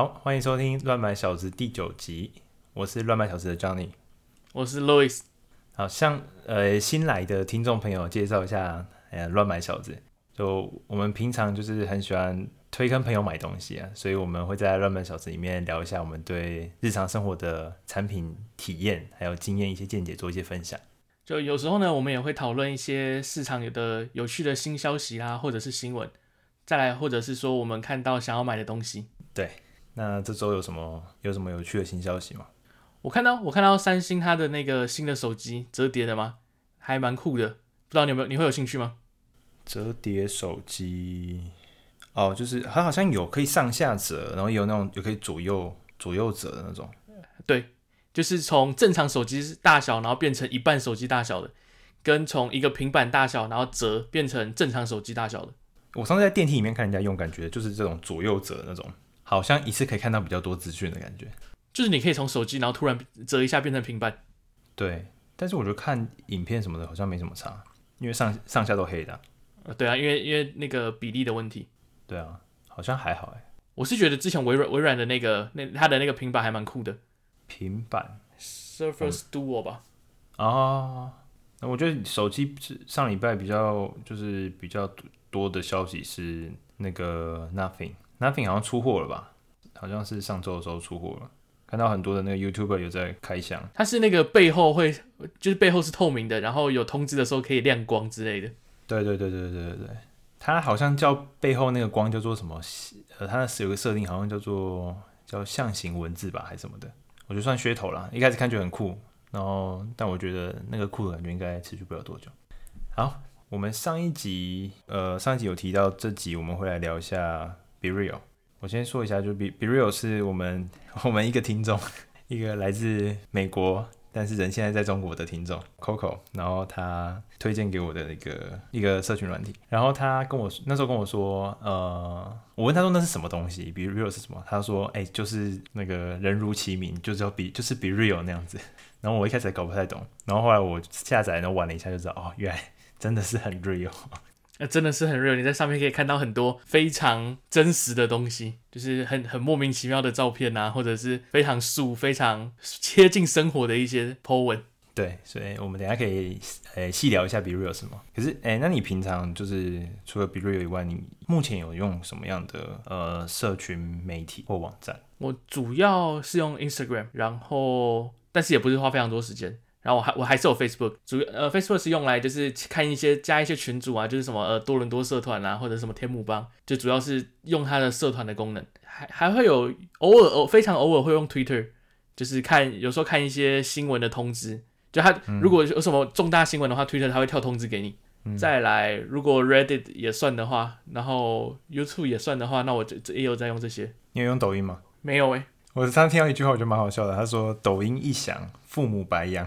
好，歡迎收聽《亂買小子》第九集。我是《亂買小子》的 Johnny，我是 Louis。好，向呃，新來的聽眾朋友介紹一下，哎呀，《亂買小子》就我們平常就是很喜歡推跟朋友買東西啊，所以我們會在《亂買小子》裡面聊一下我們對日常生活的產品體驗還有經驗一些見解做一些分享。就有時候呢，我們也會討論一些市場有的有趣的新消息啦、啊，或者是新聞，再來或者是說我們看到想要買的東西，對。那這周有什麼有什麼有趣的新消息嗎？我看到我看到三星它的那個新的手機摺疊的嗎？還蠻酷的，不知道你有沒有，你會有興趣嗎？摺疊手機哦，就是它好像有可以上下摺，然後也有那種有可以左右左右摺的那種。對，就是從正常手機大小，然後變成一半手機大小的，跟從一個平板大小，然後摺變成正常手機大小的。我上次在電梯裡面看人家用，感覺就是這種左右摺的那種。好像一次可以看到比較多資訊的感覺，就是你可以從手機，然後突然折一下變成平板。對，但是我覺得看影片什麼的好像沒什麼差，因為上上下都黑的啊。呃、啊，對啊，因為因為那個比例的問題。對啊，好像還好哎。我是覺得之前微軟微軟的那個那他的那個平板還蠻酷的。平板 Surface Duo 吧。啊、嗯哦，我覺得手機是上禮拜比較就是比較多的消息是那個 Nothing。Nothing 好像出貨了吧？好像是上周的時候出貨了，看到很多的那個 YouTuber 有在開箱。它是那個背後會，就是背後是透明的，然後有通知的時候可以亮光之類的。對對對對對對對，它好像叫背後那個光叫做什麼？呃，它是有個設定，好像叫做叫象形文字吧，還是什麼的？我覺得算噱頭啦，一開始看就很酷，然後但我覺得那個酷的感覺應該持續不了多久。好，我們上一集，呃，上一集有提到，這集我們會來聊一下。BeReal，我先說一下，就 Be、BeReal 是我們我們一個聽眾，一個來自美國，但是人現在在中國的聽眾 Coco，然後他推薦給我的一個一個社群軟體，然後他跟我那時候跟我說，呃，我問他說那是什麼東西，BeReal 是什麼？他說，哎、欸，就是那個人如其名，就是要 Be，就是 BeReal 那樣子。然後我一開始搞不太懂，然後後來我下載然後玩了一下，就知道哦，原來真的是很 real。那、啊、真的是很 real，你在上面可以看到很多非常真實的東西，就是很很莫名其妙的照片吶、啊，或者是非常素、非常貼近生活的一些 Po 文。對，所以我們等一下可以呃細聊一下 BeReal 是嗎？可是哎，那你平常就是除了 BeReal 以外，你目前有用什麼樣的呃社群媒體或網站？我主要是用 Instagram，然後但是也不是花非常多時間。然後我還我還是有 Facebook，主呃 Facebook 是用來就是看一些加一些群組啊，就是什麼呃多倫多社團啊，或者什麼天幕幫，就主要是用它的社團的功能，還還會有偶爾偶、呃、非常偶爾會用 Twitter，就是看有時候看一些新聞的通知，就他如果有什麼重大新聞的話，Twitter 他、嗯、會跳通知給你。嗯、再來如果 Reddit 也算的話，然後 YouTube 也算的話，那我就這也有在用這些。你有用抖音嗎？沒有誒、欸，我剛，剛聽到一句話我覺得蠻好笑的，他說抖音一響，父母白養。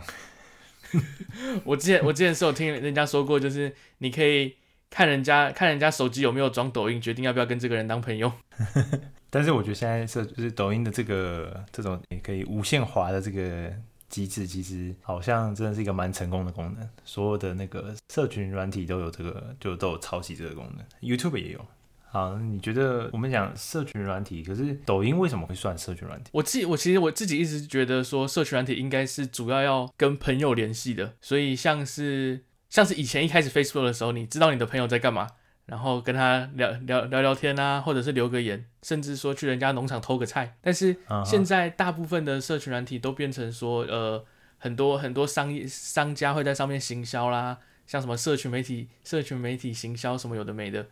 我之前我之前是有聽人家說過，就是你可以看人家看人家手機有沒有裝抖音，決定要不要跟這個人當朋友。 但是我覺得現在社就是抖音的這個這種也可以無限滑的這個機制，其實好像真的是一個蠻成功的功能。所有的那個社群軟體都有這個，就都有抄襲這個功能，YouTube 也有。好、啊，你覺得我們講社群軟體，可是抖音為什麼會算社群軟體？我自己，我其實我自己一直覺得說，社群軟體應該是主要要跟朋友聯繫的。所以像是像是以前一開始 Facebook 的時候，你知道你的朋友在幹嘛，然後跟他聊聊聊聊天啊，或者是留個言，甚至說去人家農場偷個菜。但是現在大部分的社群軟體都變成說，呃，很多很多商業商家會在上面行銷啦，像什麼社群媒體、社群媒體行銷什麼有的沒的。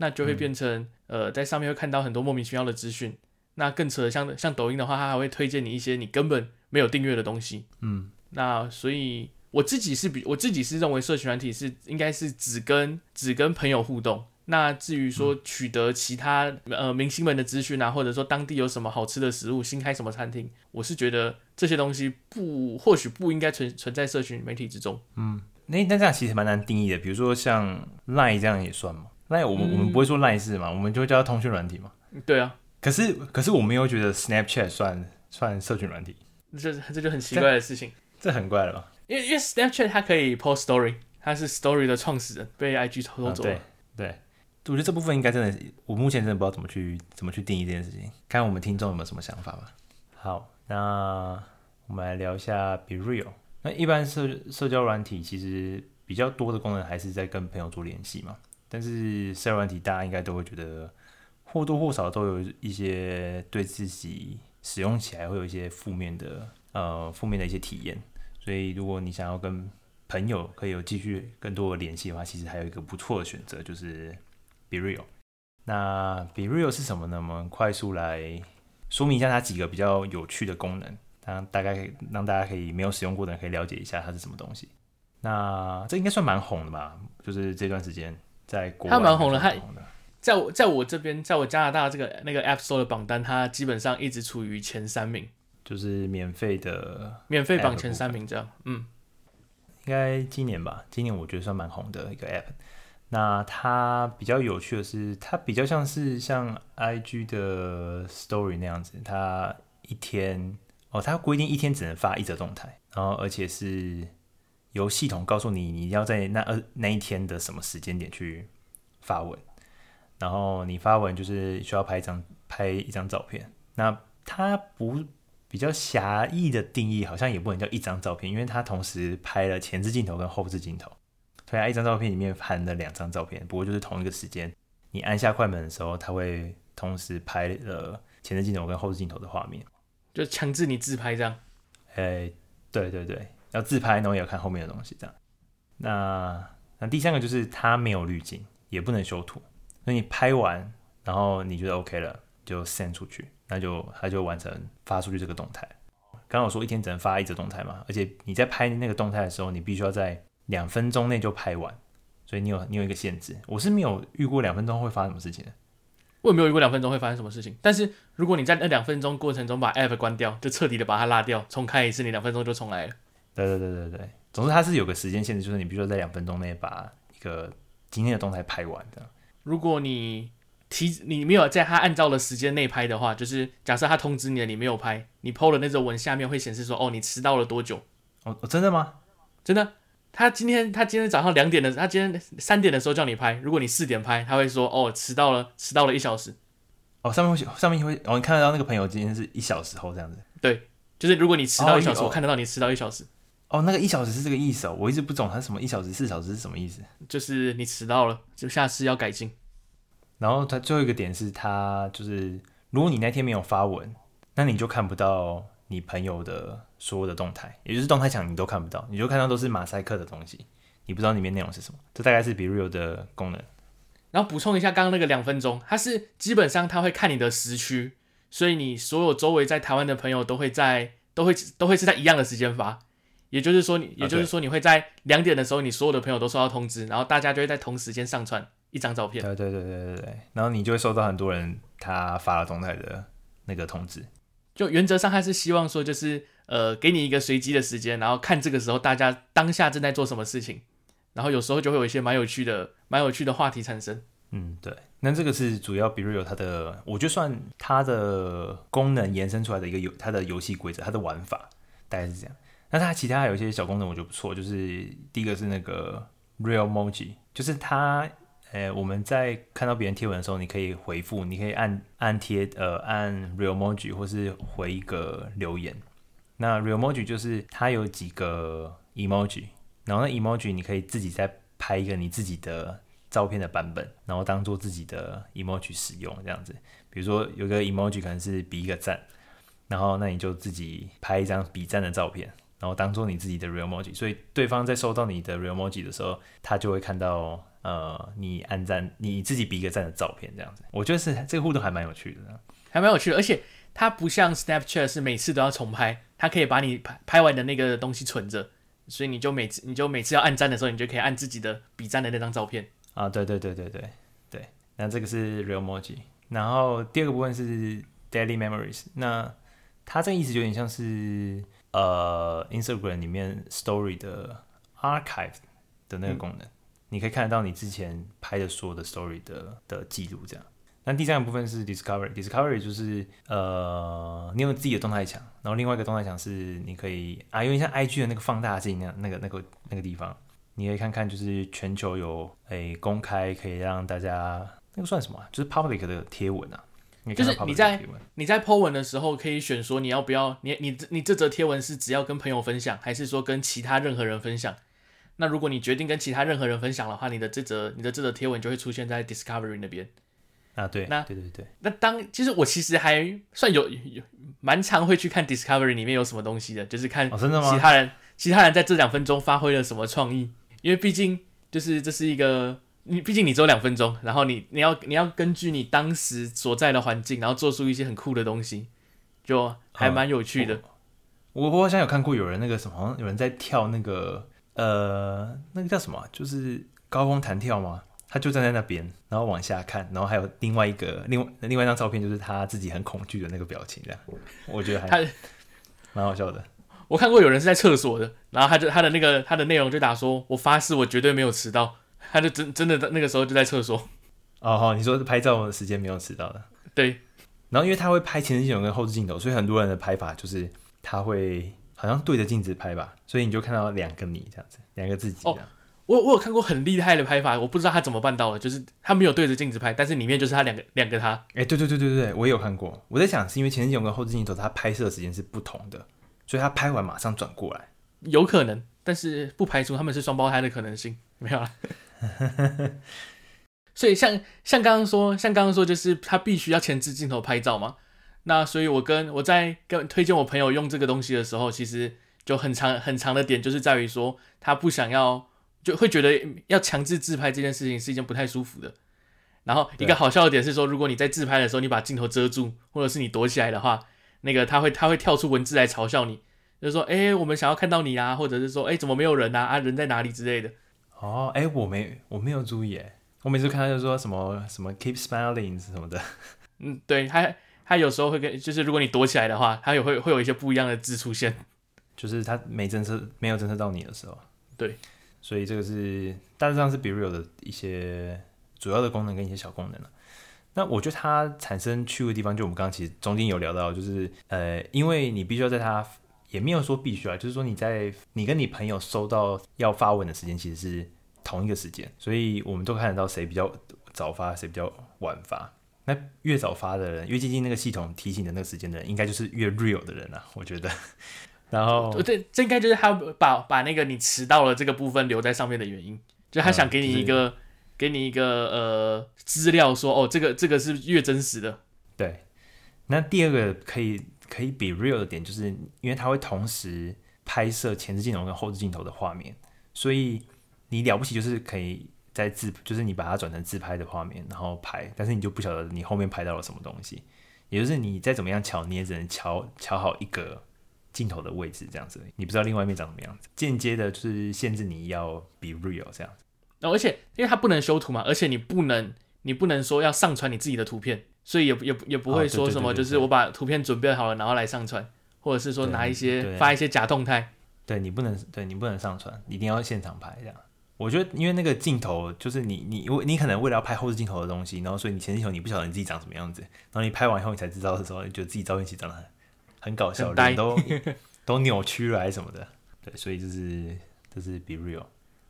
那就會變成，嗯、呃，在上面會看到很多莫名其妙的資訊。那更扯的，像像抖音的話，它還會推薦你一些你根本沒有訂閱的東西。嗯，那所以我自己是比我自己是認為，社群軟體是應該是只跟只跟朋友互動。那至於說取得其他、嗯、呃明星們的資訊啊，或者說當地有什麼好吃的食物、新開什麼餐廳，我是覺得這些東西不或許不應該存存在社群媒體之中。嗯，那、欸、那這樣其實蠻難定義的。比如說像賴這樣也算嗎？那我們我們不會說爛事嘛，嗯、我們就會叫它通訊軟體嘛、嗯。對啊，可是可是我們又覺得 Snapchat 算算社群軟體，這這就很奇怪的事情。這，這很怪了吧？因為因為 Snapchat 它可以 Post Story，它是 Story 的創始人被 IG 偷偷走了、啊。對對，我覺得這部分應該真的，我目前真的不知道怎麼去怎麼去定義這件事情，看我們聽眾有沒有什麼想法吧。嗯、好，那我們來聊一下 Be Real。那一般社社交軟體其實比較多的功能還是在跟朋友做聯繫嘛。但是 e 社交媒體大家應該都會覺得或多或少都有一些對自己使用起來會有一些負面的呃負面的一些體驗，所以如果你想要跟朋友可以有繼續更多的聯繫的話，其實還有一個不錯的選擇就是 BeReal。那 BeReal 是什麼呢？我們快速來說明一下它幾個比較有趣的功能，大大概讓大家可以沒有使用過的人可以了解一下它是什麼東西。那這應該算蠻紅的吧？就是這段時間。在國外，它蠻紅的，它在我在我這邊，在我加拿大這個那個 App Store 的榜單，它基本上一直處於前三名，就是免費的免費榜前三名這樣。嗯，應該今年吧，今年我覺得算蠻紅的一個 App。那它比較有趣的是，它比較像是像 IG 的 Story 那樣子，它一天哦，它規定一天只能發一則動態，然後而且是。由系統告訴你，你要在那呃那一天的什麼時間點去發文，然後你發文就是需要拍一張拍一張照片。那它不比較狹義的定義好像也不能叫一張照片，因為它同時拍了前置鏡頭跟後置鏡頭，所以它一張照片裡面含了兩張照片，不過就是同一個時間，你按下快門的時候，它會同時拍了前置鏡頭跟後置鏡頭的畫面，就強制你自拍一張。誒、欸，對對對。要自拍，然後也要看後面的東西，這樣。那那第三個就是它沒有濾鏡，也不能修圖。所以你拍完，然後你覺得 OK 了，就 send 出去，那就它就完成發出去這個動態。剛剛我說一天只能發一次動態嘛，而且你在拍那個動態的時候，你必須要在兩分鐘內就拍完，所以你有你有一個限制。我是沒有遇過兩分鐘會發生什麼事情的。我也沒有遇過兩分鐘會發生什麼事情。但是如果你在那兩分鐘過程中把 app 關掉，就徹底的把它拉掉，重開一次，你兩分鐘就重來了。對對對對對，總之它是有個時間限制，就是你比如說在兩分鐘內把一個今天的動態拍完的。如果你提你沒有在他按照的時間內拍的話，就是假設他通知你的你沒有拍，你 PO 了那則文下面會顯示說，哦你遲到了多久？哦真的嗎？真的？他今天他今天早上兩點的，他今天三點的時候叫你拍，如果你四點拍，他會說哦遲到了，遲到了一小時。哦上面會上面會我們、哦、看得到那個朋友今天是一小時後這樣子。對，就是如果你遲到一小時，哦哦、我看得到你遲到一小時。哦，那個一小時是這個意思哦。我一直不懂它什麼一小時四小時是什麼意思。就是你遲到了，就下次要改進。然後它最後一個點是，它就是如果你那天沒有發文，那你就看不到你朋友的所有的動態，也就是動態牆你都看不到，你就看到都是馬賽克的東西，你不知道裡面內容是什麼。這大概是 BeReal 的功能。然後補充一下剛剛那個兩分鐘，它是基本上它會看你的時區，所以你所有周圍在台灣的朋友都會在都會都會是在一樣的時間發。也就是說你，你也就是說，你會在兩點的時候，你所有的朋友都收到通知，啊、然後大家就會在同時間上傳一張照片。對對對對對對，然後你就會收到很多人他發了動態的那個通知。就原則上，還是希望說，就是呃，給你一個隨機的時間，然後看這個時候大家當下正在做什麼事情，然後有時候就會有一些蠻有趣的、蠻有趣的話題產生。嗯，對。那這個是主要，比如有它的，我就算它的功能延伸出來的一個遊，它的遊戲規則、它的玩法大概是這樣。那它其他還有一些小功能，我覺得不錯。就是第一個是那個 Real Emoji，就是它，呃、欸，我們在看到別人貼文的時候，你可以回復，你可以按按貼，呃，按 Real Emoji 或是回一個留言。那 Real Emoji 就是它有幾個 Emoji，然後那 Emoji 你可以自己再拍一個你自己的照片的版本，然後當做自己的 Emoji 使用，這樣子。比如說有個 Emoji 可能是比一個讚，然後那你就自己拍一張比讚的照片。然後當做你自己的 RealMoji，所以對方在收到你的 RealMoji 的時候，他就會看到呃，你按讚，你自己比一個讚的照片這樣子。我覺得是這個互動還蠻有趣的、啊，還蠻有趣的。而且它不像 Snapchat 是每次都要重拍，它可以把你拍拍完的那個東西存着，所以你就每次你就每次要按讚的時候，你就可以按自己的比讚的那張照片。啊，對對對對對對，那這個是 RealMoji。然後第二個部分是 daily memories，那它這個意思有點像是。呃、uh,，Instagram 裡面 Story 的 Archive 的那個功能，嗯、你可以看得到你之前拍的所有的 Story 的的記錄，這樣。那第三個部分是 Discovery，Discovery Discovery 就是呃，uh, 你有自己的動態牆，然後另外一個動態牆是你可以啊因為像 IG 的那個放大鏡，那那個那個那個地方，你可以看看就是全球有誒、欸、公開可以讓大家那個算什麼、啊，就是 Public 的貼文啊。就是你在你在 Po 文的時候，可以選說你要不要你你你這則貼文是只要跟朋友分享，還是說跟其他任何人分享？那如果你決定跟其他任何人分享的話，你的這則你的這則貼文就會出現在 Discovery 那邊啊。對，那對，對對對，那當其實我其實還算有有蠻常會去看 Discovery 裡面有什麼東西的，就是看、哦、其他人其他人在這兩分鐘發揮了什麼創意，因為畢竟就是這是一個。你畢竟你只有兩分鐘，然後你你要你要根據你當時所在的環境，然後做出一些很酷的東西，就還蠻有趣的。嗯，我我好像有看過有人那個什麼，有人在跳那個呃、那個叫什麼？就是高空彈跳嗎？他就站在那邊，然後往下看，然後還有另外一個另外另外一張照片，就是他自己很恐懼的那個表情這樣，我覺得還蠻好笑的。他我看過有人是在廁所的，然後他就他的那個他的內容就打說：“我發誓，我絕對沒有遲到。”他就真的真的在那個時候就在廁所。哦，好，你說是拍照的時間沒有遲到的。對。然後，因為他會拍前置鏡頭跟後置鏡頭，所以很多人的拍法就是他會好像對着鏡子拍吧，所以你就看到兩個你這樣子，兩個自己這樣。哦，我我有看過很厲害的拍法，我不知道他怎麼辦到的，就是他沒有對着鏡子拍，但是裡面就是他兩個兩個他。哎、欸，對對對對對，我也有看過。我在想是因為前置鏡頭跟後置鏡頭他拍攝的時間是不同的，所以他拍完馬上轉過來。有可能，但是不排除他們是雙胞胎的可能性，沒有啦。 所以像，像像剛剛說，像剛剛說，就是他必須要前置鏡頭拍照嘛。那所以，我跟我在跟推薦我朋友用這個東西的時候，其實就很長很長的點，就是在於說他不想要，就會覺得要強制自拍這件事情是一件不太舒服的。然後一個好笑的點是說，如果你在自拍的時候，你把鏡頭遮住，或者是你躲起來的話，那個他會他會跳出文字來嘲笑你，就是說，欸，我們想要看到你啊，或者是說，欸，怎麼沒有人啊？啊，人在哪裡之類的。哦，哎、欸，我沒，我沒有注意，哎，我每次看他就說什麼什麼 keep smiling 什麼的，嗯，對，他他有時候會跟，就是如果你躲起來的話，他有會會有一些不一樣的字出現，就是他沒偵測，沒有偵測到你的時候，對，所以這個是，大致上是 BeReal 的一些主要的功能跟一些小功能了，那我覺得它產生趣味的地方，就我們剛剛其實中間有聊到，就是呃，因為你必須要在它。也沒有說必須啊，就是說你在你跟你朋友收到要發文的時間其實是同一個時間，所以我們都看得到誰比較早發，誰比較晚發。那越早發的人，越接近那個系統提醒的那個時間的人，應該就是越 real 的人啊，我覺得。然後，對，這應該就是他把把那個你遲到了這個部分留在上面的原因，就他想給你一個、嗯就是、給你一個呃資料說，哦，這個這個是越真實的。對，那第二個可以。可以 BeReal 的點就是，因為它會同時拍攝前置鏡頭跟後置鏡頭的畫面，所以你了不起就是可以在自，就是你把它轉成自拍的畫面然後拍，但是你就不曉得你後面拍到了什麼東西，也就是你再怎麼樣調你也只能調調好一個鏡頭的位置這樣子，你不知道另外一面長什麼樣子，間接的就是限制你要 BeReal 這樣子。那、哦、而且因為它不能修圖嘛，而且你不能你不能說要上傳你自己的圖片。所以也也也不會說什麼，就是我把圖片準備好了，然後來上傳，或者是說拿一些發一些假動態。對你不能，對你不能上傳，一定要現場拍這樣。我覺得，因為那個鏡頭就是你你，你可能為了要拍後置鏡頭的東西，然後所以你前鏡頭你不曉得你自己長什麼樣子，然後你拍完以後你才知道的時候，你覺得自己照片其實長得很很搞笑，呆人都 都扭曲了還是什麼的。對，所以就是就是 be real。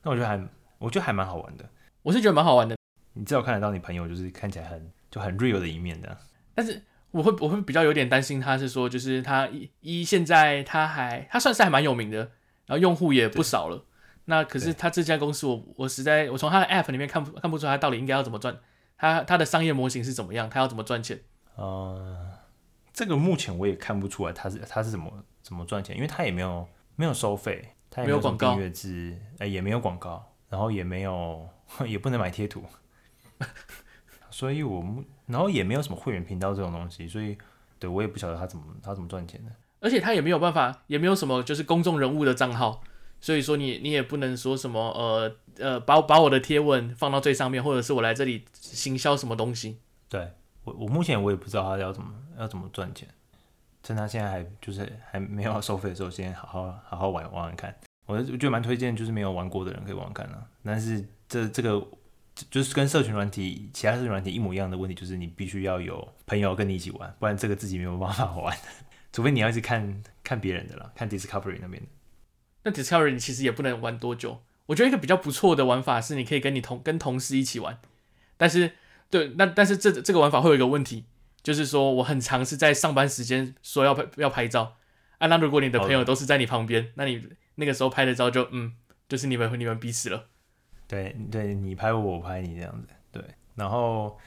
那我覺得還我覺得還蠻好玩的，我是覺得蠻好玩的。你至少看得到你朋友就是看起來很。就很 real 的一面的，但是我會我會比較有點擔心，他是說就是他一一現在他還他算是還蠻有名的，然後用戶也不少了。對那可是他這家公司我，我我實在我從他的 app 裡面看不看不出他到底應該要怎麼賺，他他的商業模型是怎麼樣，他要怎麼賺錢？嗯、呃，這個目前我也看不出來他是他是怎麼怎麼賺錢，因為他也沒有沒有收費，他也沒有，資沒有廣告訂閱制，也沒有廣告，然後也沒有也不能買貼圖。 所以，我目，然後也沒有什麼會員頻道這種東西，所以，對我也不曉得他怎麼他怎麼賺錢的。而且他也沒有辦法，也沒有什麼就是公眾人物的賬號，所以說你你也不能說什麼呃呃把把我的貼文放到最上面，或者是我來這裡行銷什麼東西。對，我我目前我也不知道他要怎麼要怎麼賺錢。趁他現在還就是還沒有收費的時候，先好好好好玩玩玩看。我就蠻推薦，就是沒有玩過的人可以玩玩看啊。但是這這個。就是跟社群軟體、其他社群軟體一模一樣的問題，就是你必須要有朋友跟你一起玩，不然這個自己沒有辦法玩，除非你要一直看看別人的啦，看 Discovery 那邊的。那 Discovery 你其實也不能玩多久。我覺得一個比較不錯的玩法是，你可以跟你同跟同事一起玩。但是，對，那但是這這個玩法會有一個問題，就是說我很常是在上班時間說要拍要拍照，啊，那如果你的朋友都是在你旁邊，的那你那個時候拍的照就嗯，就是你們和你們彼此了。對，對你拍我，我拍你這樣子。對，然後，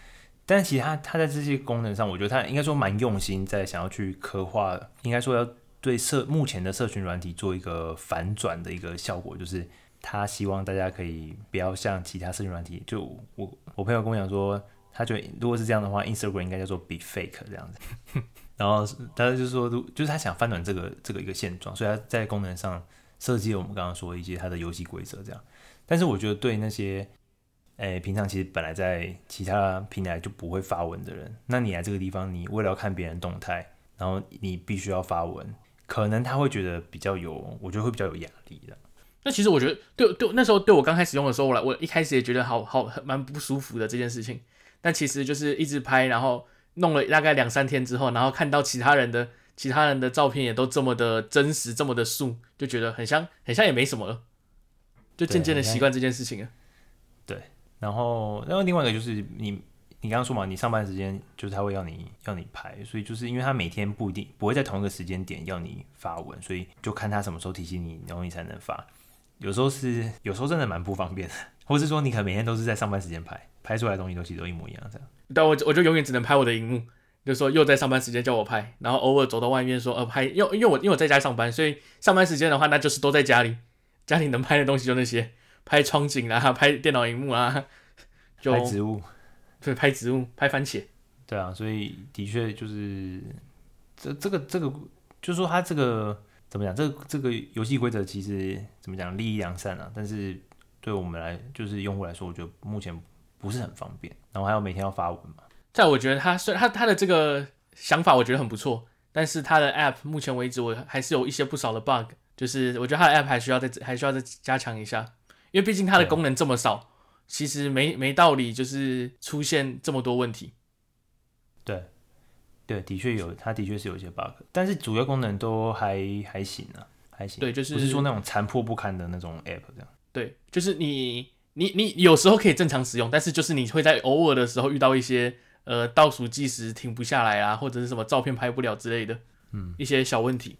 但其實他他在這些功能上，我覺得他應該說蠻用心在想要去刻畫，應該說要對社目前的社群軟體做一個反轉的一個效果，就是他希望大家可以不要像其他社群軟體。就我我朋友跟我講說，他覺得如果是這樣的話，Instagram 應該叫做 Be Fake 這樣子。呵呵然後他就是說，如就是他想翻轉這個這個一個現狀，所以他在功能上設計了我們剛剛說一些他的遊戲規則這樣。但是我覺得對那些，哎、欸，平常其實本來在其他平台就不會發文的人，那你來這個地方，你為了要看別人動態，然後你必須要發文，可能他會覺得比較有，我覺得會比較有壓力的。那其實我覺得對對，那時候對我剛開始用的時候，我來我一開始也覺得好好蠻不舒服的這件事情。但其實就是一直拍，然後弄了大概兩三天之後，然後看到其他人的其他人的照片也都這麼的真實，這麼的素，就覺得很像很像也沒什麼了。就漸漸的習慣這件事情了對。對，然後，然後另外一個就是你，你剛剛說嘛，你上班時間就是他會要你要你拍，所以就是因為他每天不一定不會在同一個時間點要你發文，所以就看他什麼時候提醒你，然後你才能發。有時候是，有時候真的蠻不方便的，或是說你可能每天都是在上班時間拍，拍出來的東西都其實都一模一樣這樣。但我我就永遠只能拍我的熒幕，就說又在上班時間叫我拍，然後偶爾走到外面說呃、啊、拍，因為因為因為我因為我在家上班，所以上班時間的話那就是都在家裡。家裡能拍的東西就那些，拍窗景啊，拍電腦熒幕啊，就拍植物，對，拍植物，拍番茄。對啊，所以的確就是這這個這個，就是、說它這個怎麼講？這個、這個遊戲規則其實怎麼講，立意良善啊，但是對我們來，就是用戶來說，我覺得目前不是很方便。然後還有每天要發文嘛。在、啊、我覺得雖然他他的這個想法我覺得很不錯，但是他的 App 目前為止我還是有一些不少的 bug。就是我覺得它的 app 還需要再還需要再加強一下，因為畢竟它的功能這麼少，對其實沒沒道理就是出現這麼多問題。對，對，的確有，它的確是有一些 bug，但是主要功能都還還行啊，還行。對，就是不是說那種殘破不堪的那種 app 這樣。對，就是你你你有時候可以正常使用，但是就是你會在偶爾的時候遇到一些呃倒數計時停不下來啊，或者是什麼照片拍不了之類的，嗯，一些小問題。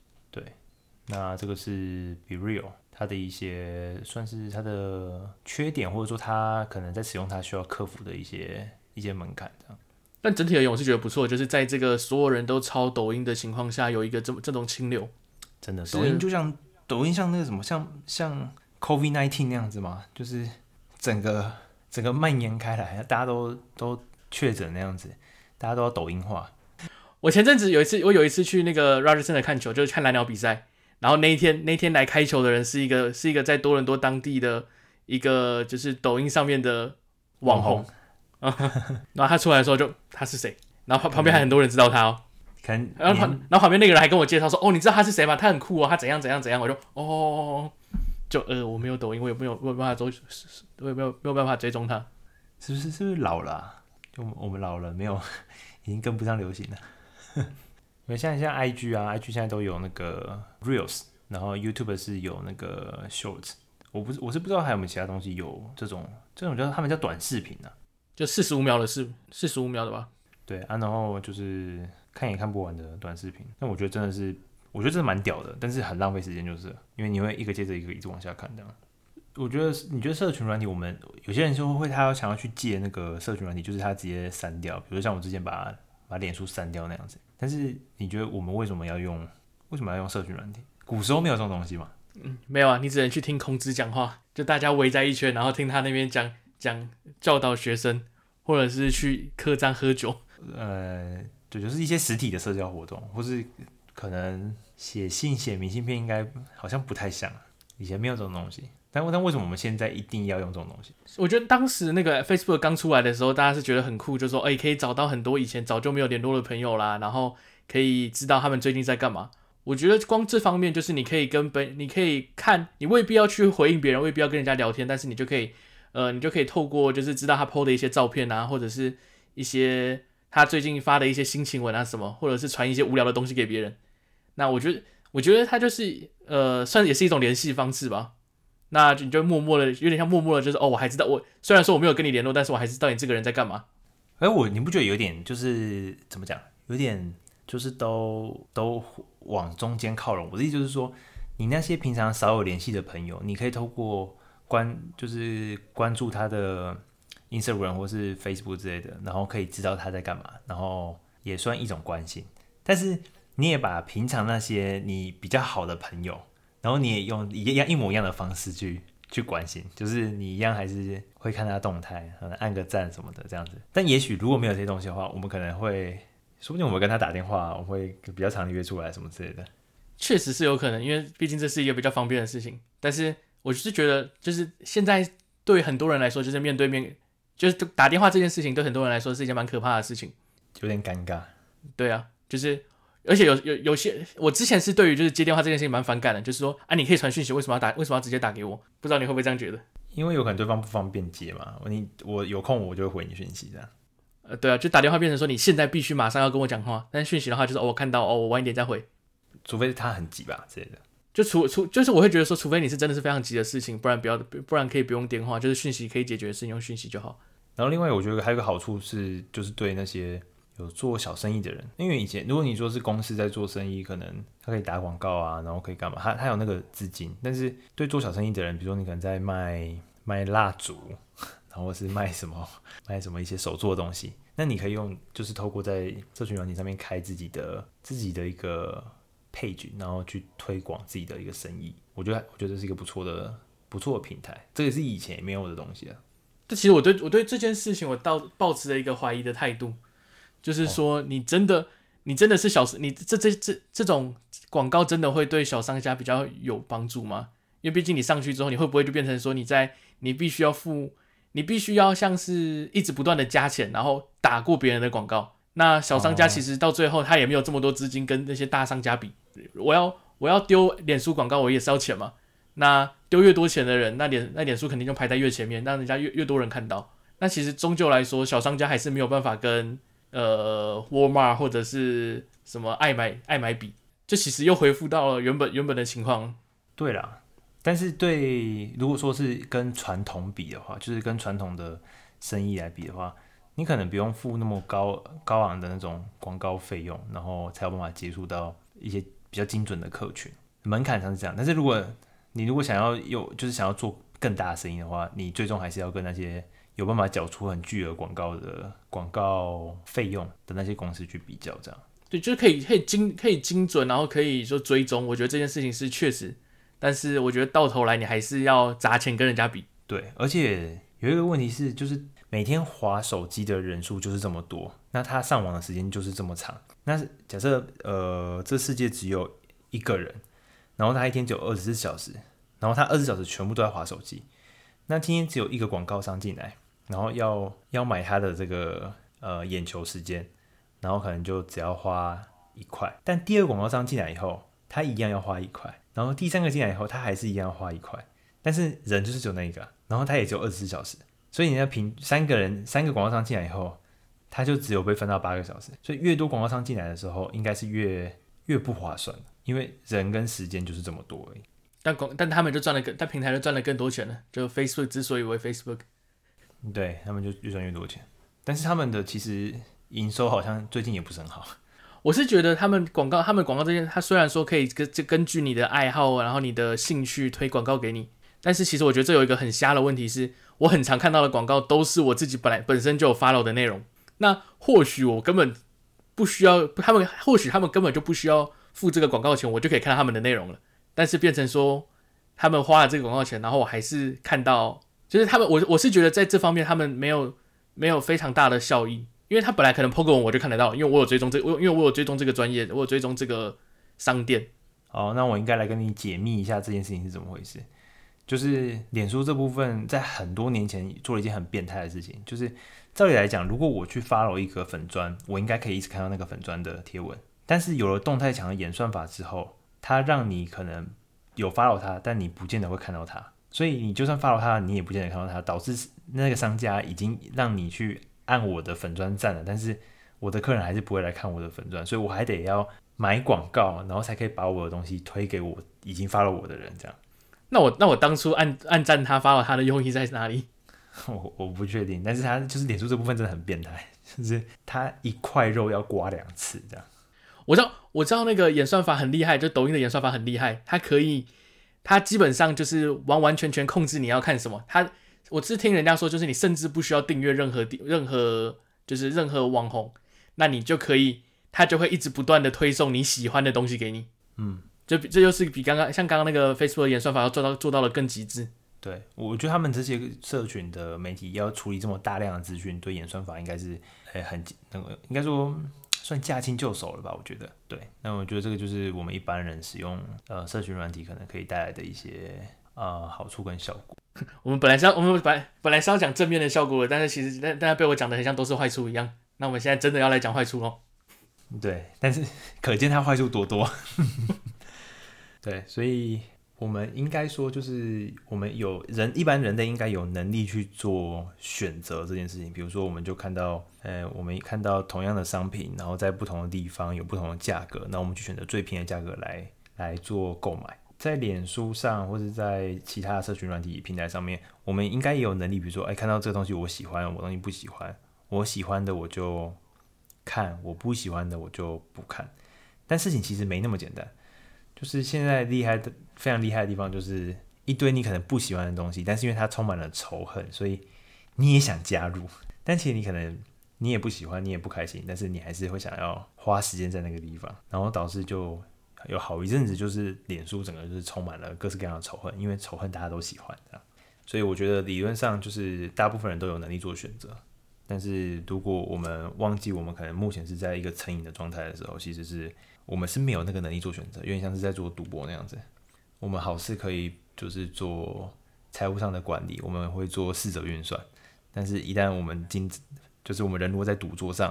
那這個是 Be Real，它的一些算是它的缺點，或者說它可能在使用它需要克服的一些一些門檻這樣。但整體而言，我是覺得不錯，就是在這個所有人都抄抖音的情況下，有一個這麼這種清流，真的是，是。抖音就像抖音像那個什麼，像像 COVID-19 那樣子嘛，就是整個整個蔓延開來，大家都都確診那樣子，大家都要抖音化。我前陣子有一次，我有一次去那個 Rogers Center 看球，就是看藍鳥比賽。然後那一天，那一天來開球的人是一個，是一個在多倫多當地的一個，就是抖音上面的網紅。然後他出來的時候就，就他是誰？然後旁邊還很多人知道他哦。嗯、然後，然後旁邊那個人還跟我介紹說：“哦，你知道他是誰嗎？他很酷哦，他怎樣怎樣怎樣。”我就哦，就呃，我沒有抖音，我也沒有沒有辦法追，我也沒有也沒有辦法追蹤他。是不是是不是老了？啊？就我們老了，沒有，嗯、已經跟不上流行了。 因為像像 i g 啊 i g 現在都有那個 reels，然後 youtuber 是有那個 short，我不是我是不知道還有沒有其他東西有這種這種叫，叫他們叫短視頻啊，就四十五秒的是四十五秒的吧。對啊，然後就是看也看不完的短視頻，但我覺得真的是，我覺得真的蠻屌的，但是很浪費時間，就是因為你會一個接着一個一直往下看這樣。我覺得你覺得社群軟體，我們有些人就會他要想要去戒那個社群軟體，就是他直接刪掉，比如像我之前把把臉書刪掉那樣子。但是你覺得我們為什麼要用？為什麼要用社群軟體？古時候沒有這種東西嗎？嗯，沒有啊，你只能去聽孔子講話，就大家圍在一圈，然後聽他那邊講講教導學生，或者是去客棧喝酒。呃，對，就是一些實體的社交活動，或是可能寫信、寫明信片，應該好像不太像，以前沒有這種東西。但但為什麼我們現在一定要用這種東西？我覺得當時那個 Facebook 剛出來的時候，大家是覺得很酷，就說誒、欸，可以找到很多以前早就沒有聯絡的朋友啦，然後可以知道他們最近在幹嘛。我覺得光這方面就是你可以跟本，你可以看，你未必要去回應別人，未必要跟人家聊天，但是你就可以，呃，你就可以透過就是知道他 PO 的一些照片啊，或者是一些他最近發的一些心情文啊什麼，或者是傳一些無聊的東西給別人。那我覺得，我覺得它就是呃，算也是一種聯繫方式吧。那你就默默的，有點像默默的，就是哦，我還知道我雖然說我沒有跟你聯絡，但是我還知道你這個人在幹嘛。哎、欸，我你不覺得有點就是怎麼講？有點就是都都往中間靠攏。我的意思就是說，你那些平常少有聯繫的朋友，你可以透過關就是關注他的 Instagram 或是 Facebook 之類的，然後可以知道他在幹嘛，然後也算一種關心。但是你也把平常那些你比較好的朋友。然後你也用一樣一模一樣的方式去去關心，就是你一樣還是會看他動態，可能按個讚什麼的這樣子。但也許如果沒有這些東西的話，我們可能會，說不定我們跟他打電話，我會比較常約出來什麼之類的。確實是有可能，因為畢竟這是一個比較方便的事情。但是我就是覺得，就是現在對很多人來說，就是面對面，就是打電話這件事情，對很多人來說是一件蠻可怕的事情，有點尷尬。對啊，就是。而且有有有些我之前是對於就是接電話這件事情蠻反感的，就是說啊，你可以傳訊息，為什麼要打？為什麼要直接打給我？不知道你會不會這樣覺得？因為有可能對方不方便接嘛，我你我有空我就會回你訊息這樣。呃，對啊，就打電話變成說你現在必須馬上要跟我講話，但訊息的話就是哦，我看到哦，我晚一點再回，除非他很急吧之類的。就除除就是我會覺得說，除非你是真的是非常急的事情，不然不要不然可以不用電話，就是訊息可以解決的事情用訊息就好。然後另外我覺得還有一個好處是，就是對那些。有做小生意的人，因為以前如果你說是公司在做生意，可能他可以打廣告啊，然後可以幹嘛？他他有那個資金，但是對做小生意的人，比如說你可能在賣賣蠟燭，然後是賣什麼 賣什麼一些手作的東西，那你可以用就是透過在社群軟件上面開自己的自己的一個 page，然後去推廣自己的一個生意。我覺得我覺得這是一個不錯的不錯的平台，這個是以前也沒有的東西啊。這其實我對我對這件事情我倒抱持了一個懷疑的態度。就是說，你真的，你真的是小，你這這這這這種廣告真的會對小商家比較有幫助嗎？因為畢竟你上去之後，你會不會就變成說你在你必須要付，你必須要像是一直不斷的加錢，然後打過別人的廣告。那小商家其實到最後他也沒有這麼多資金跟那些大商家比。我要我要丟臉書廣告，我也是要錢嘛。那丟越多錢的人，那臉那臉書肯定就排在越前面，讓人家越越多人看到。那其實終究來說，小商家還是沒有辦法跟。呃，沃爾瑪或者是什麼愛買愛買比，就其實又恢復到了原本原本的情況。對啦，但是對，如果說是跟傳統比的話，就是跟傳統的生意來比的話，你可能不用付那麼高高昂的那種廣告費用，然後才有辦法接觸到一些比較精準的客群，門檻上是這樣。但是如果你如果想要有就是想要做更大的生意的話，你最終還是要跟那些。有辦法繳出很巨額廣告的廣告費用的那些公司去比較，這樣對，就是可以可以精可以精準，然後可以說追蹤。我覺得這件事情是確實，但是我覺得到頭來你還是要砸錢跟人家比。對，而且有一個問題是，就是每天滑手機的人數就是這麼多，那他上網的時間就是這麼長。那假設呃這世界只有一個人，然後他一天只有二十四小時，然後他二十四小時全部都在滑手機，那今天只有一個廣告商進來。然後要要買他的這個呃眼球時間，然後可能就只要花一塊。但第二廣告商進來以後，他一樣要花一塊。然後第三個進來以後，他還是一樣要花一塊。但是人就是只有那一個，然後他也只有二十四小時。所以人家平三個人三個廣告商進來以後，他就只有被分到八個小時。所以越多廣告商進來的時候，應該是越越不划算，因為人跟時間就是這麼多而已。但廣但他們就賺了更，但平台就賺了更多錢了。就 Facebook 之所以為 Facebook。對，他們就越賺越多錢，但是他們的其實營收好像最近也不是很好。我是覺得他們廣告，他們廣告這件，他雖然說可以根就根據你的愛好，然後你的興趣推廣告給你，但是其實我覺得這有一個很瞎的問題是，我很常看到的廣告都是我自己本來本身就有 follow 的內容，那或許我根本不需要他們，或許他們根本就不需要付這個廣告錢，我就可以看到他們的內容了。但是變成說他們花了這個廣告錢，然後我還是看到。就是他們，我我是覺得在這方面他們沒有沒有非常大的效益，因為他本來可能 PO 個文我就看得到，因為我有追蹤這我因為我有追蹤這個專業，我有追蹤這個商店。好，那我應該來跟你解密一下這件事情是怎麼回事？就是臉書這部分在很多年前做了一件很變態的事情，就是照理來講，如果我去 follow 一個粉專，我應該可以一直看到那個粉專的貼文。但是有了動態牆的演算法之後，它讓你可能有 follow 它，但你不見得會看到它。所以你就算 follow 他，你也不見得看到他，導致那個商家已經讓你去按我的粉專讚了，但是我的客人還是不會來看我的粉專。所以我還得要買廣告，然後才可以把我的東西推給我已經 follow 我的人。這樣，那我那我當初按按讚他 follow 他的用意在哪裡？我我不確定，但是他就是臉書這部分真的很變態，就是他一塊肉要刮兩次這樣。我知道我知道那個演算法很厲害，就抖音的演算法很厲害，他可以。他基本上就是完完全全控制你要看什麼。他我是聽人家說，就是你甚至不需要訂閱任何任何，就是任何網紅，那你就可以，他就會一直不斷的推送你喜歡的東西給你。嗯，這這就，就，就是比剛剛像剛剛那個 Facebook 的演算法要做到做到了更極致，對，我覺得他們這些社群的媒體要處理這麼大量的資訊，對演算法應該是、欸、很很那個，應該說。算駕輕就熟了吧，我覺得。對，那我覺得這個就是我們一般人使用呃社群軟體可能可以帶來的一些呃好處跟效果。我們本來是要我們本來本來是要講正面的效果，但是其實但大家被我講得很像都是壞處一樣。那我們現在真的要來講壞處嘍？對，但是可見它壞處多多。 對，所以。我們應該說，就是我們有人一般人類應該有能力去做選擇這件事情。比如說，我們就看到，呃，我們看到同樣的商品，然後在不同的地方有不同的價格，那我們就選擇最便宜的價格來來做購買。在臉書上或是在其他社群軟體平台上面，我們應該也有能力。比如說，哎、欸，看到這個東西我喜歡，我東西不喜歡，我喜歡的我就看，我不喜歡的我就不看。但事情其實沒那麼簡單，就是現在厲害的。非常厲害的地方就是一堆你可能不喜歡的東西，但是因為它充滿了仇恨，所以你也想加入。但其實你可能你也不喜歡，你也不開心，但是你還是會想要花時間在那個地方，然後導致就有好一陣子就是臉書整個就是充滿了各式各樣的仇恨，因為仇恨大家都喜歡這樣，所以我覺得理論上就是大部分人都有能力做選擇，但是如果我們忘記我們可能目前是在一個成癮的狀態的時候，其實是我們是沒有那個能力做選擇，有點像是在做賭博那樣子。我們好事可以就是做財務上的管理，我們會做四則運算，但是一旦我們進就是我們人落在賭桌上，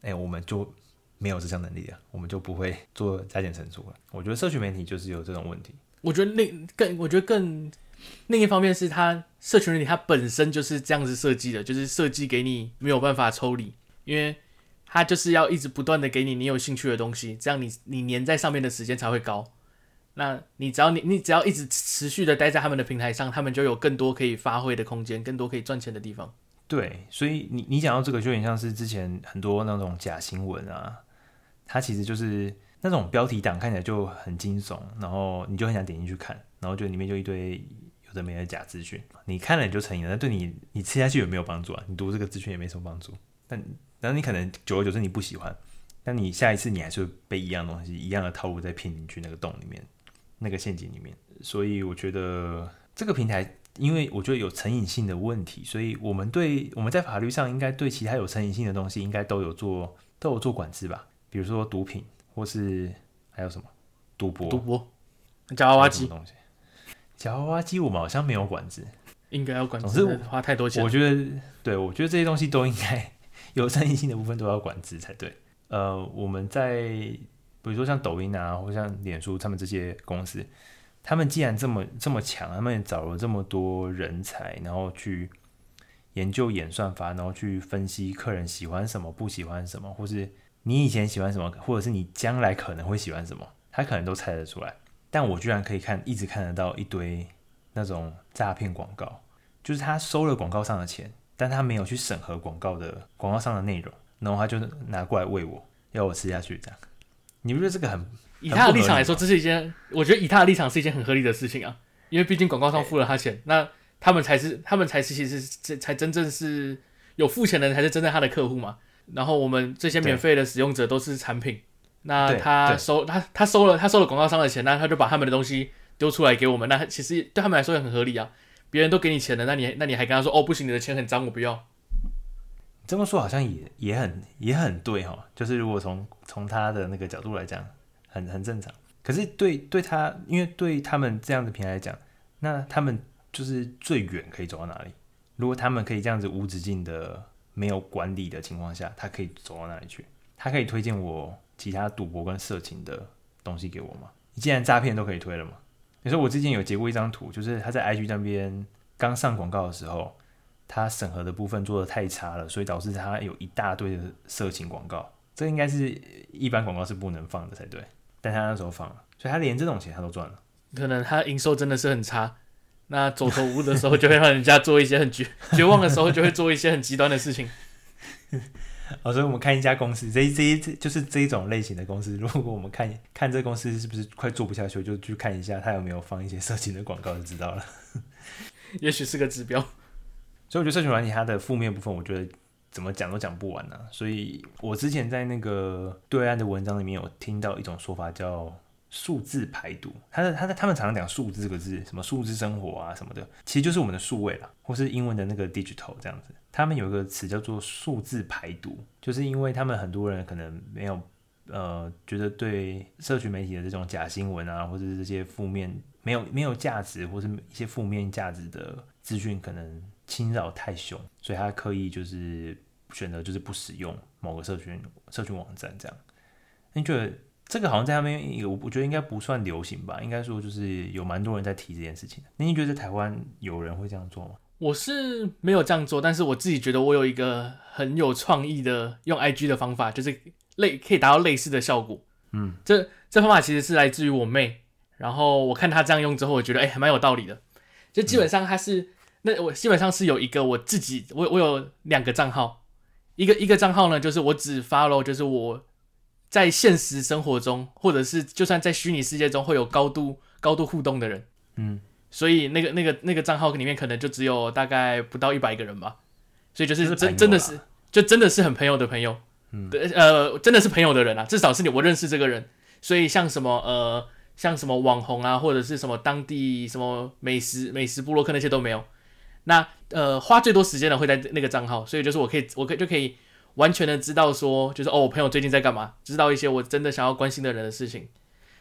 哎、欸，我們就沒有這項能力了，我們就不會做加減乘除了。我覺得社群媒體就是有這種問題。我覺得那更，我覺得更另一、那個、方面是它社群媒體它本身就是這樣子設計的，就是設計給你沒有辦法抽離，因為它就是要一直不斷的給你你有興趣的東西，這樣你你黏在上面的時間才會高。那你只要你你只要一直持續的待在他們的平台上，他們就有更多可以發揮的空間，更多可以賺錢的地方。對，所以你你講到這個就有點像是之前很多那種假新聞啊，它其實就是那種標題黨看起來就很驚悚，然後你就很想點進去看，然後就裡面就一堆有的沒的假資訊，你看了你就成癮了，那對你你吃下去有沒有幫助啊？你讀這個資訊也沒什麼幫助。但但你可能久而久之你不喜歡，那你下一次你還是會被一樣東西一樣的套路再騙進去那個洞裡面。那個陷阱裡面，所以我覺得這個平台，因為我覺得有成癮性的問題，所以我們對我們在法律上應該對其他有成癮性的東西應該都有做都有做管制吧，比如說毒品，或是還有什麼賭博、賭博、夾娃娃機什麼東西，夾娃娃機我們好像沒有管制，應該要管制。總之，花太多錢，我覺得對，我覺得這些東西都應該有成癮性的部分都要管制才對。呃，我們在。比如說像抖音啊，或像臉書，他們這些公司，他們既然這麼這麼強，他們也找了這麼多人才，然後去研究演算法，然後去分析客人喜歡什麼、不喜歡什麼，或是你以前喜歡什麼，或者是你將來可能會喜歡什麼，他可能都猜得出來。但我居然可以看，一直看得到一堆那種詐騙廣告，就是他收了廣告上的錢，但他沒有去審核廣告的廣告上的內容，然後他就拿過來餵我，要我吃下去這樣。你們覺得這個很，很以他的立場來說，這是一件，我覺得以他的立場是一件很合理的事情啊。因為畢竟廣告商付了他錢，欸，那他們才是他們才是其實這才真正是有付錢的人才是真正他的客戶嘛。然後我們這些免費的使用者都是產品。對那他收對他他收了他收了廣告商的錢，那他就把他們的東西丟出來給我們。那其實對他們來說也很合理啊。別人都給你錢了，那你那你還跟他說哦不行，你的錢很髒，我不要。這麼說好像也也很也很對哈，就是如果從從他的那個角度來講，很很正常。可是對對他，因為對他們這樣的平台來講，那他們就是最遠可以走到哪裡？如果他們可以這樣子無止境的沒有管理的情況下，他可以走到哪裡去？他可以推薦我其他賭博跟色情的東西給我嗎？你既然詐騙都可以推了嘛？比如說我之前有截過一張圖，就是他在 IG 那邊剛上廣告的時候。他審核的部分做得太差了，所以導致他有一大堆的色情廣告。這應該是一般廣告是不能放的才對，但他那時候放了，所以他連這種錢他都賺了。可能他營收真的是很差，那走投無路的時候就會讓人家做一些很絕 絕望的時候就會做一些很極端的事情。好、哦，所以我們看一家公司，這 Z，就是這種類型的公司。如果我們看看這公司是不是快做不下去，就去看一下他有沒有放一些色情的廣告就知道了。也許是個指標。所以我覺得社群軟體它的負面部分，我覺得怎麼講都講不完呢、啊。所以，我之前在那個對岸的文章裡面有聽到一種說法叫“數字排毒”。他的、他的、他們常常講“數字”這個字，什麼“數字生活”啊什麼的，其實就是我們的“數位”啦，或是英文的那個 “digital” 這樣子。他們有一個詞叫做“數字排毒”，就是因為他們很多人可能沒有呃覺得對社群媒體的這種假新聞啊，或者是這些負面沒有沒有價值，或是一些負面價值的資訊可能。侵擾太凶，所以他刻意就是選擇就是不使用某個社群社群網站這樣。你覺得這個好像在他們有，我覺得應該不算流行吧？應該說就是有蠻多人在提這件事情。你覺得在台灣有人會這樣做嗎？我是沒有這樣做，但是我自己覺得我有一個很有創意的用 IG 的方法，就是類可以達到類似的效果。嗯，這這方法其實是來自於我妹，然後我看她這樣用之後，我覺得哎，還、欸、蠻有道理的。就基本上她是。嗯那我基本上是有一個我自己，我我有兩個賬號，一個一個賬號呢，就是我只發了，就是我在現實生活中，或者是就算在虛擬世界中會有高度高度互動的人，嗯，所以那個那個那個賬號裡面可能就只有大概不到一百個人吧，所以就是真真的是就真的是很朋友的朋友，對，呃，真的是朋友的人啊，至少是你我認識這個人，所以像什麼呃像什麼網紅啊，或者是什麼當地什麼美食美食部落客那些都沒有。那呃，花最多時間的會在那個賬號所以就是我可以，我可以就可以完全的知道說，就是哦，我朋友最近在幹嘛，知道一些我真的想要關心的人的事情。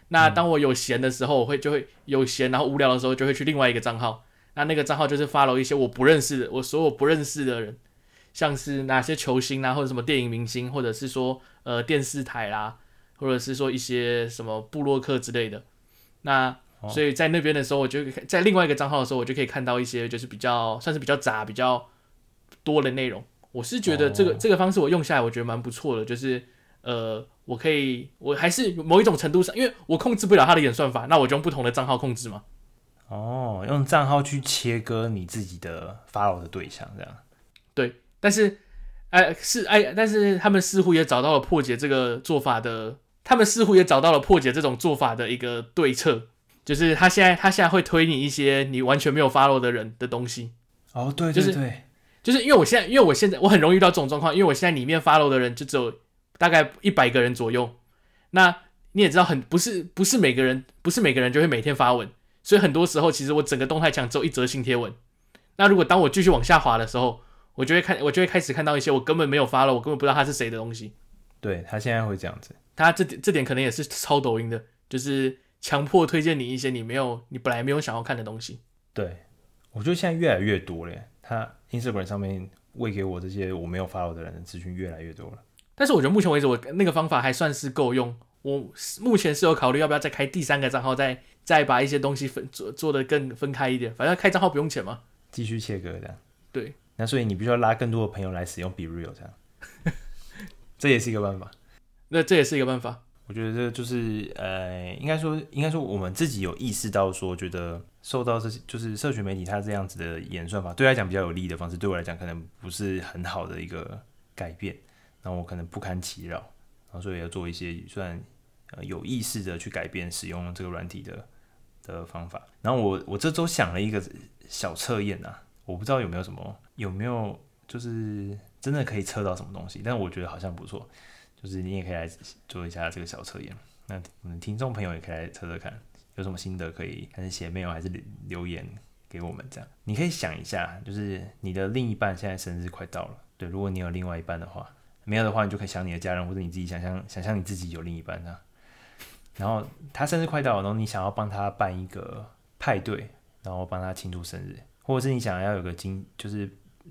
那當我有閒的時候，我會就會有閒，然後無聊的時候就會去另外一個賬號那那個賬號就是發了一些我不認識的，我所有不認識的人，像是哪些球星啊，或者什麼電影明星，或者是說呃電視台啦、啊，或者是說一些什麼部落客之類的。那所以在那邊的時候，我就在另外一個賬號的時候，我就可以看到一些就是比較算是比較雜比較多的內容。我是覺得這個、oh. 這個方式我用下來，我覺得蠻不錯的。就是呃，我可以我還是某一種程度上，因為我控制不了他的演算法，那我就用不同的賬號控制嘛。哦，oh, 用賬號去切割你自己的 follow 的對象，這樣。對，但是哎、呃，是哎、呃，但是他們似乎也找到了破解這個做法的，他們似乎也找到了破解這種做法的一個對策。就是他現在，他現在會推你一些你完全沒有發 w 的人的東西。哦，oh, 對,對,對，就是對，就是因為我現在，因為我現在我很容易遇到這種狀況，因為我現在裡面發 w 的人就只有大概一百個人左右。那你也知道很，很不是不是每個人，不是每個人就會每天發文，所以很多時候其實我整個動態牆只有一則新貼文。那如果當我繼續往下滑的時候，我就會看，我就會開始看到一些我根本沒有發 w 我根本不知道他是誰的東西。對他現在會這樣子，他這這點可能也是抄抖音的，就是。強迫推薦你一些你沒有、你本來沒有想要看的東西。對，我覺得現在越來越多了。他 Instagram 上面餵給我這些我沒有 follow 的人的資訊越來越多了。但是我覺得目前為止，我那個方法還算是夠用。我目前是有考慮要不要再開第三個賬號，再，再再把一些東西分做，做得更分開一點。反正開賬號不用錢嘛，繼續切割這樣。對，那所以你必須要拉更多的朋友來使用 Be Real 這樣，這也是一個辦法。那這也是一個辦法。我覺得這就是呃，應該說，應該說我們自己有意識到說，覺得受到這就是社群媒體它這樣子的演算法，對來講比較有利的方式，對我來講可能不是很好的一個改變，然後我可能不堪其擾，然後所以要做一些算呃有意識的去改變使用這個軟體的的方法。然後我我這周想了一個小測驗啊，我不知道有沒有什麼有沒有就是真的可以測到什麼東西，但我覺得好像不錯。就是你也可以來做一下這個小測驗，那我們聽眾朋友也可以來測測看，有什麼心得可以還是寫 mail，還是留言給我們這樣。你可以想一下，就是你的另一半現在生日快到了，對，如果你有另外一半的話，沒有的話你就可以想你的家人，或者你自己想象想象，你自己有另一半呢。然後他生日快到了，然後你想要幫他辦一個派對，然後幫他慶祝生日，或者是你想要有個驚，就是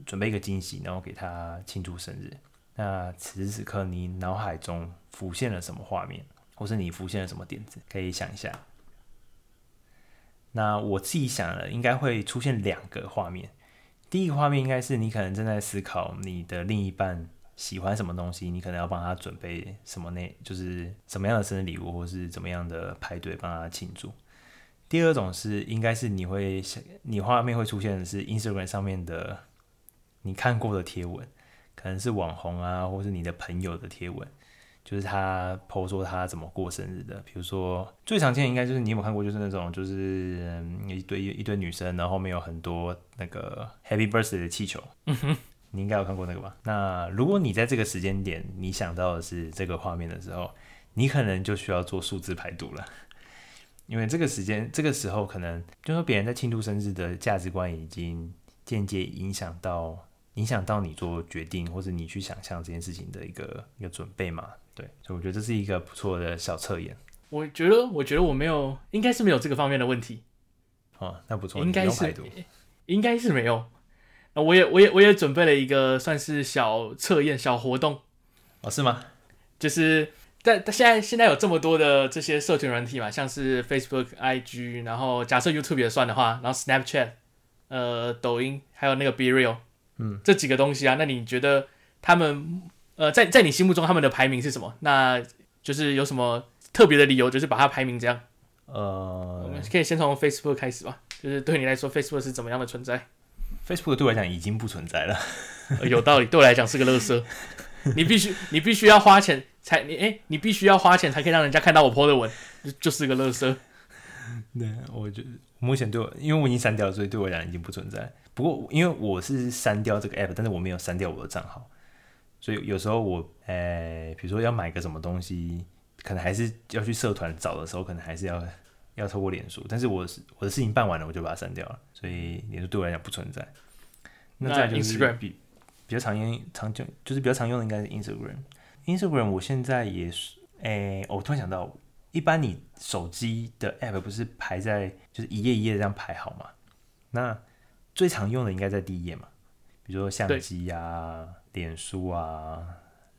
準備一個驚喜，然後給他慶祝生日。那此時此刻，你腦海中浮現了什麼畫面，或是你浮現了什麼點子？可以想一下。那我自己想了，應該會出現兩個畫面。第一個畫面應該是你可能正在思考你的另一半喜歡什麼東西，你可能要幫他準備什麼那，就是什麼樣的生日禮物，或是怎麼樣的派對幫他慶祝。第二種是，應該是你會想，你畫面會出現的是 Instagram 上面的你看過的貼文。可能是網紅啊，或是你的朋友的貼文，就是他 po 說他怎麼過生日的。比如說最常見的應該就是你有沒有看過，就是那種就是、嗯、一堆一堆女生，然後後面有很多那個 Happy Birthday 的氣球。嗯哼，你應該有看過那個吧？那如果你在這個時間點，你想到的是這個畫面的時候，你可能就需要做數字排毒了，因為這個時間這個時候可能就說、是、別人在慶祝生日的價值觀已經間接影響到。影響到你做決定，或者你去想象這件事情的一個一個準備嘛？對，所以我覺得這是一個不錯的小測驗。我覺得，我覺得我沒有，應該是沒有這個方面的問題。哦，那不錯，應該是，應該是沒有。那我也，我也，我也準備了一個算是小測驗、小活動。哦，是嗎？就是，但但現在現在有這麼多的這些社群軟體嘛，像是 Facebook、IG，然後假設 YouTube 也算的話，然後 Snapchat，呃，抖音，還有那個 BeReal 嗯，這幾個東西啊，那你覺得他們呃，在在你心目中他們的排名是什麼？那就是有什麼特別的理由，就是把它排名這樣。呃，我們、呃、可以先從 Facebook 開始吧，就是對你來說，Facebook 是怎麼樣的存在？Facebook 對我來講已經不存在了， 有道理，對我來講是個樂色。 你必須你必須要花錢才你誒，你必須要花錢才可以讓人家看到我 PO 的文，就、就是一個樂色。對，我覺得。目前對我，因為我已經刪掉了，所以對我來講已經不存在。不過，因為我是刪掉這個 app，但是我沒有刪掉我的賬號，所以有時候我，呃、欸，比如說要買個什麼東西，可能還是要去社團找的時候，可能還是要要透過臉書。但是我是我的事情辦完了，我就把它刪掉了，所以臉書對我來講不存在。那再就是，比較常用、常用就是比較常用的應該是 Instagram。Instagram 我現在也是，哎、欸，我突然想到。一般你手機的 app 不是排在就是一頁一頁這樣排好嗎？那最常用的應該在第一頁嘛，比如說相機啊、臉對書啊、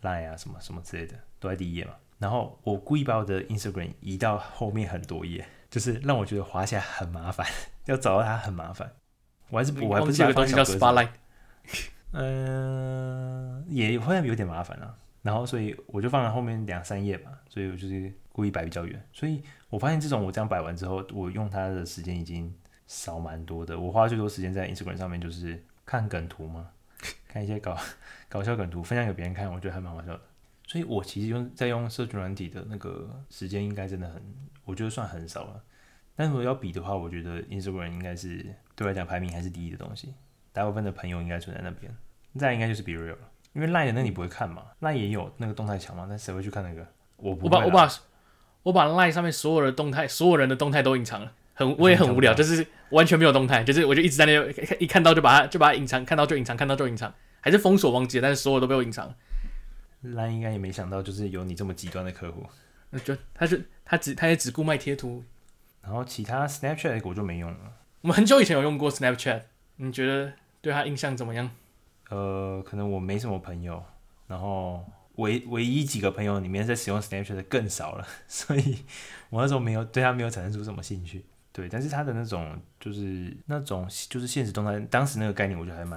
Line 啊什麼什麼之類的都在第一頁嘛。然後我故意把我的 Instagram 移到後面很多頁，就是讓我覺得滑起來很麻煩，要找到它很麻煩。我還是我還不記得有個東西叫 Spotlight，嗯，也會有點麻煩啊。然後，所以我就放在後面兩三頁吧。所以我就是故意擺比較遠。所以我發現這種我這樣擺完之後，我用它的時間已經少蠻多的。我花最多時間在 Instagram 上面，就是看梗圖嘛， 看一些搞搞笑梗圖，分享給別人看，我覺得還蠻好笑的。所以我其實用在用社群軟體的那個時間，應該真的很，我覺得算很少了。但如果要比的話，我覺得 Instagram 應該是對我來講排名還是第一的東西，大部分的朋友應該存在那邊，再應該就是 BeReal 因為賴的那，你不會看嘛？賴也有那個動態牆嘛？那誰會去看那個？我不會，我把我把我把賴上面所有的動態，所有人的動態都隱藏了。很，我也很無聊，嗯、就是完全沒有動態，就是我就一直在那一看到就把它就把它隱藏，看到就隱藏，看到就隱藏，還是封鎖忘記，但是所有都被我隱藏了。賴應該也沒想到，就是有你這麼極端的客戶。那就他就他只他也只顧賣貼圖，然後其他 Snapchat 我就沒用了。我們很久以前有用過 Snapchat，你覺得對他印象怎麼樣？呃，可能我沒什麼朋友，然後唯唯一幾個朋友裡面在使用 Snapchat 的更少了，所以我那時候沒有對他沒有產生出什麼興趣。對，但是他的那種就是那種就是現實動態，當時那個概念我覺得還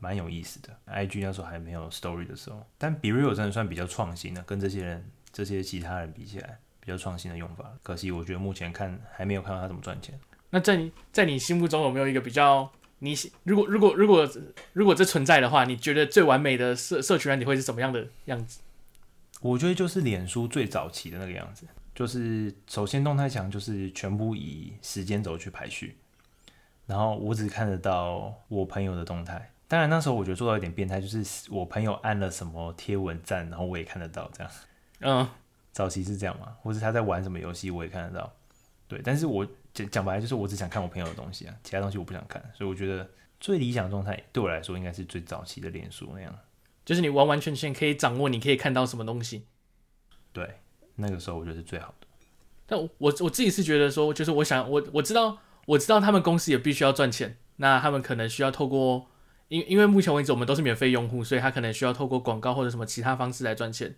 蠻蠻有意思的。IG 那時候還沒有 Story 的時候，但 BeReal 真的算比較創新的，跟這些人這些其他人比起來，比較創新的用法。可惜我覺得目前看還沒有看到他怎麼賺錢。那在在你心目中有沒有一個比較？你如果如果如果如果這存在的話，你覺得最完美的社社群軟體會是什麼樣的樣子？我覺得就是臉書最早期的那個樣子，就是首先動態牆就是全部以時間軸去排序，然後我只看得到我朋友的動態。當然那時候我覺得做到有點變態，就是我朋友按了什麼貼文讚，然後我也看得到這樣。嗯，早期是這樣嘛，或是他在玩什麼遊戲我也看得到。對，但是我。講講白了就是我只想看我朋友的東西啊，其他東西我不想看，所以我覺得最理想的狀態對我來說應該是最早期的臉書那樣，就是你完完全全可以掌握你可以看到什麼東西。對，那個時候我覺得是最好的。但我我自己是覺得說，就是我想我我知道我知道他們公司也必須要賺錢，那他們可能需要透過，因因為目前為止我們都是免費用戶，所以他可能需要透過廣告或者什麼其他方式來賺錢。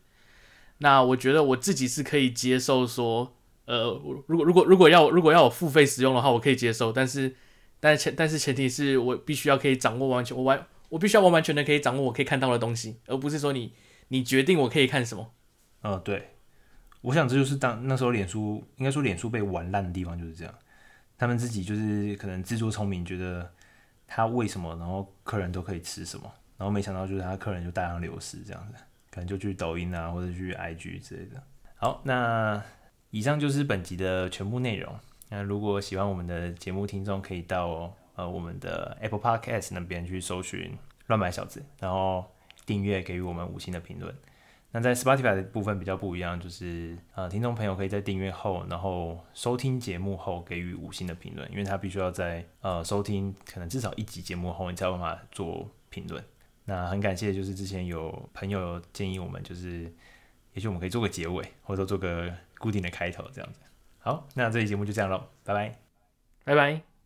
那我覺得我自己是可以接受說。呃，如果如果如果要如果要我付費使用的話，我可以接受，但是但是前但是前提是我必須要可以掌握完全，我完我必須要完完全的可以掌握我可以看到的東西，而不是說你你決定我可以看什麼，呃，對，我想這就是當那時候臉書應該說臉書被玩爛的地方就是這樣，他們自己就是可能自作聰明，覺得他餵什麼，然後客人都可以吃什麼，然後沒想到就是他客人就大量流失這樣子，可能就去抖音啊或者去 IG 之類的。好，那。以上就是本集的全部內容。那如果喜歡我們的節目，聽眾可以到呃我們的 Apple Podcast 那邊去搜尋“亂買小子”，然後訂閱，給予我們五星的評論。那在 Spotify 的部分比較不一樣，就是呃聽眾朋友可以在訂閱後，然後收聽節目後給予五星的評論，因為他必須要在呃收聽可能至少一集節目後，你才有辦法做評論。那很感謝，就是之前有朋友建議我們，就是也許我們可以做個結尾，或者做個。固定的開頭這樣子，好，那這期節目就這樣嘍，拜拜，拜拜。